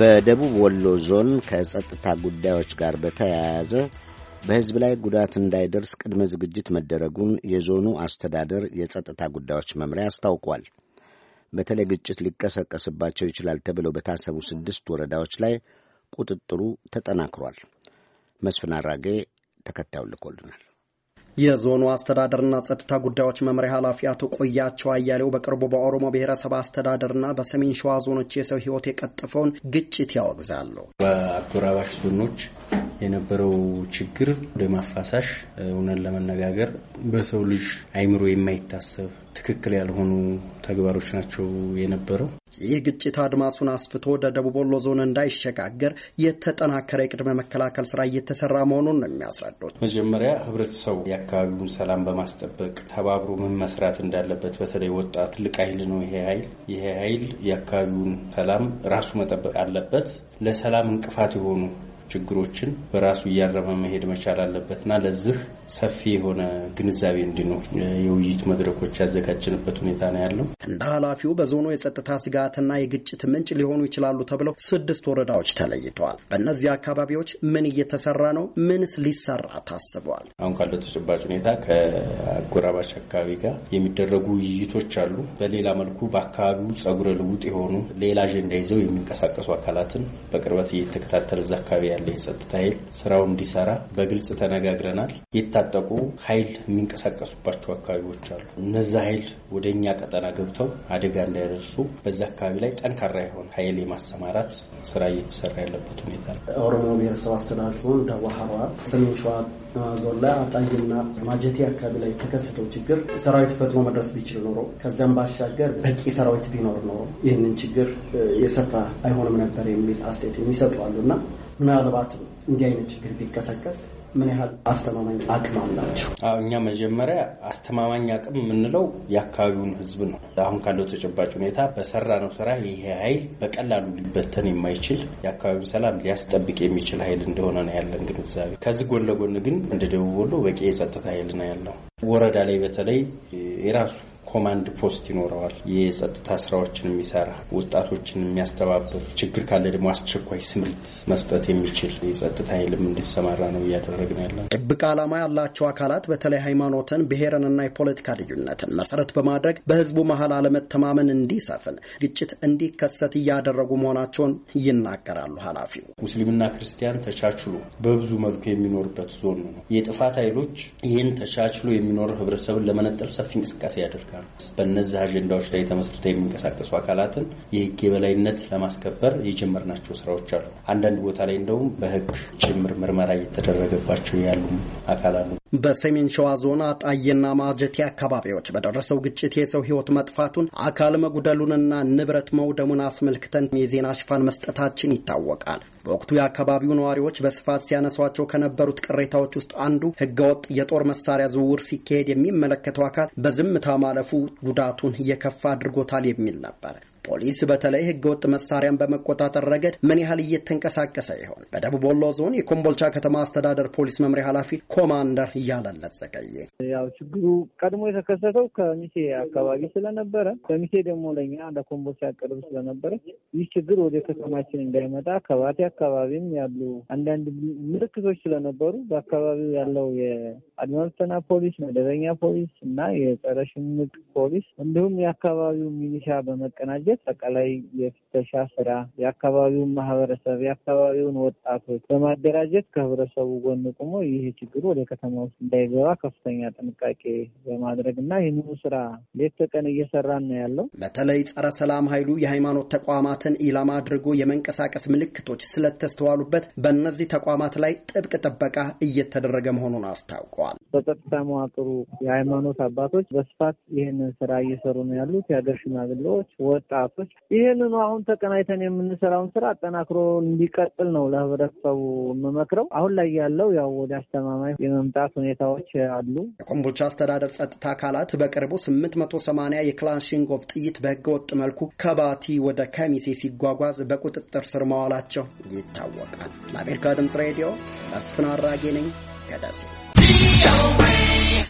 በደቡብ ወሎ ዞን ከጸጥታ ጉዳዮች ጋር በተያያዘ በሕዝብ ላይ ጉዳት እንዳይደርስ ቅድመ ዝግጅት መደረጉን የዞኑ አስተዳደር የጸጥታ ጉዳዮች መምሪያ አስታውቋል። በተለይ ግጭት ሊቀሰቀስባቸው ይችላል ተብለው በታሰቡ ስድስት ወረዳዎች ላይ ቁጥጥሩ ተጠናክሯል። መስፍን አራጌ ተከታዩን ልኮልናል። የዞኑ አስተዳደርና ጸጥታ ጉዳዮች መምሪያ ኃላፊ አቶ ቆያቸው አያሌው በቅርቡ በኦሮሞ ብሔረሰብ አስተዳደርና በሰሜን ሸዋ ዞኖች የሰው ህይወት የቀጠፈውን ግጭት ያወግዛሉ። በአጎራባሽ ዞኖች የነበረው ችግር ደም አፋሳሽ እውነን ለመነጋገር በሰው ልጅ አይምሮ የማይታሰብ ትክክል ያልሆኑ ተግባሮች ናቸው የነበረው። ይህ ግጭት አድማሱን አስፍቶ ወደ ደቡብ ወሎ ዞን እንዳይሸጋገር የተጠናከረ የቅድመ መከላከል ስራ እየተሰራ መሆኑን ነው የሚያስረዱት። መጀመሪያ ህብረተሰቡ የአካባቢውን ሰላም በማስጠበቅ ተባብሮ ምን መስራት እንዳለበት በተለይ ወጣቱ ትልቅ ኃይል ነው ይሄ ኃይል ይሄ ኃይል የአካባቢውን ሰላም ራሱ መጠበቅ አለበት። ለሰላም እንቅፋት የሆኑ ችግሮችን በራሱ እያረመ መሄድ መቻል አለበትና ለዚህ ሰፊ የሆነ ግንዛቤ እንዲኖር የውይይት መድረኮች ያዘጋጀንበት ሁኔታ ነው ያለው። እንደ ኃላፊው በዞኑ የጸጥታ ስጋትና የግጭት ምንጭ ሊሆኑ ይችላሉ ተብለው ስድስት ወረዳዎች ተለይተዋል። በእነዚህ አካባቢዎች ምን እየተሰራ ነው? ምንስ ሊሰራ ታስበዋል? አሁን ካለው ተጨባጭ ሁኔታ ከአጎራባች አካባቢ ጋር የሚደረጉ ውይይቶች አሉ። በሌላ መልኩ በአካባቢው ጸጉረ ልውጥ የሆኑ ሌላ አጀንዳ ይዘው የሚንቀሳቀሱ አካላትን በቅርበት እየተከታተለ እዛ አካባቢ ያለ የጸጥታ ኃይል ስራው እንዲሰራ በግልጽ ተነጋግረናል። የታጠቁ ኃይል የሚንቀሳቀሱባቸው አካባቢዎች አሉ። እነዛ ኃይል ወደ እኛ ቀጠና ገብተው አደጋ እንዳይደርሱ በዛ አካባቢ ላይ ጠንካራ የሆነ ኃይል የማሰማራት ስራ እየተሰራ ያለበት ሁኔታ ነው። ኦሮሞ ብሔረሰብ አስተዳደር ዞን ደቡብ ሀራ ሰሜን ሸዋ ዞን ላይ አጣይና ማጀቴ አካባቢ ላይ የተከሰተው ችግር ሰራዊት ፈጥኖ መድረስ ቢችል ኖሮ ከዚያም ባሻገር በቂ ሰራዊት ቢኖር ኖሮ ይህንን ችግር የሰፋ አይሆንም ነበር የሚል አስተያየት የሚሰጡ አሉና ምናልባት እንዲህ አይነት ችግር ቢቀሰቀስ ምን ያህል አስተማማኝ አቅም አላቸው? እኛ መጀመሪያ አስተማማኝ አቅም የምንለው የአካባቢውን ሕዝብ ነው። አሁን ካለው ተጨባጭ ሁኔታ በሰራ ነው ስራ ይሄ ኃይል በቀላሉ ሊበተን የማይችል የአካባቢውን ሰላም ሊያስጠብቅ የሚችል ኃይል እንደሆነ ነው ያለን ግንዛቤ። ከዚህ ጎን ለጎን ግን እንደ ደቡብ ወሎ በቂ የጸጥታ ኃይል ነው ያለው። ወረዳ ላይ በተለይ የራሱ ኮማንድ ፖስት ይኖረዋል። የጸጥታ ስራዎችን የሚሰራ ወጣቶችን የሚያስተባብር፣ ችግር ካለ ደግሞ አስቸኳይ ስምሪት መስጠት የሚችል የጸጥታ ኃይልም እንዲሰማራ ነው እያደረግን ያለ። እብቅ ዓላማ ያላቸው አካላት በተለይ ሃይማኖትን፣ ብሔርንና የፖለቲካ ልዩነትን መሰረት በማድረግ በህዝቡ መሀል አለመተማመን እንዲሰፍን፣ ግጭት እንዲከሰት እያደረጉ መሆናቸውን ይናገራሉ ኃላፊው። ሙስሊምና ክርስቲያን ተቻችሎ በብዙ መልኩ የሚኖርበት ዞን ነው። የጥፋት ኃይሎች ይህን ተቻችሎ የሚኖር ህብረተሰብን ለመነጠል ሰፊ እንቅስቃሴ ያደርጋል። ይሆናል። በእነዚህ አጀንዳዎች ላይ ተመስርተው የሚንቀሳቀሱ አካላትን የህግ የበላይነት ለማስከበር የጀመርናቸው ስራዎች አሉ። አንዳንድ ቦታ ላይ እንደውም በህግ ጭምር ምርመራ እየተደረገባቸው ያሉ አካል አሉ። በሰሜን ሸዋ ዞን አጣዬና ማጀቴ አካባቢዎች በደረሰው ግጭት የሰው ህይወት መጥፋቱን አካል መጉደሉንና ንብረት መውደሙን አስመልክተን የዜና ሽፋን መስጠታችን ይታወቃል። በወቅቱ የአካባቢው ነዋሪዎች በስፋት ሲያነሷቸው ከነበሩት ቅሬታዎች ውስጥ አንዱ ህገወጥ የጦር መሳሪያ ዝውውር ሲካሄድ የሚመለከተው አካል በዝምታ ማለፉ መታለፉ ጉዳቱን የከፋ አድርጎታል የሚል ነበር። ፖሊስ በተለይ ህገወጥ መሳሪያን በመቆጣጠር ረገድ ምን ያህል እየተንቀሳቀሰ ይሆን? በደቡብ ወሎ ዞን የኮምቦልቻ ከተማ አስተዳደር ፖሊስ መምሪያ ኃላፊ ኮማንደር እያለለት ዘገየ። ያው ችግሩ ቀድሞ የተከሰተው ከሚሴ አካባቢ ስለነበረ ከሚሴ ደግሞ ለኛ ለኮምቦልቻ ቅርብ ስለነበረ ይህ ችግር ወደ ከተማችን እንዳይመጣ ከባቴ አካባቢም ያሉ አንዳንድ ምልክቶች ስለነበሩ በአካባቢው ያለው የአድማስተና ፖሊስ፣ መደበኛ ፖሊስ እና የጸረ ሽምቅ ፖሊስ እንዲሁም የአካባቢው ሚሊሻ በመቀናጀት አጠቃላይ የፍተሻ ስራ የአካባቢውን ማህበረሰብ የአካባቢውን ወጣቶች በማደራጀት ከህብረተሰቡ ጎን ቆሞ ይህ ችግሩ ወደ ከተማ ውስጥ እንዳይገባ ከፍተኛ ጥንቃቄ በማድረግ እና ይህንኑ ስራ ሌት ተቀን እየሰራን ነው ያለው። በተለይ ጸረ ሰላም ኃይሉ የሃይማኖት ተቋማትን ኢላማ አድርጎ የመንቀሳቀስ ምልክቶች ስለተስተዋሉበት በእነዚህ ተቋማት ላይ ጥብቅ ጥበቃ እየተደረገ መሆኑን አስታውቀዋል። በጸጥታ መዋቅሩ የሃይማኖት አባቶች በስፋት ይህንን ስራ እየሰሩ ነው ያሉት። የሀገር ሽማግሌዎች፣ ወጣቶች ይህንኑ አሁን ተቀናይተን የምንሰራውን ስራ አጠናክሮ እንዲቀጥል ነው ለህብረተሰቡ የምመክረው። አሁን ላይ ያለው ያው ወደ አስተማማኝ የመምጣት ሁኔታዎች አሉ። የኮምቦልቻ አስተዳደር ጸጥታ አካላት በቅርቡ 8መቶ 880 የክላሽንኮቭ ጥይት በህገወጥ መልኩ ከባቲ ወደ ከሚሴ ሲጓጓዝ በቁጥጥር ስር መዋላቸው ይታወቃል። ለአሜሪካ ድምጽ ሬዲዮ መስፍን አራጌ ነኝ። at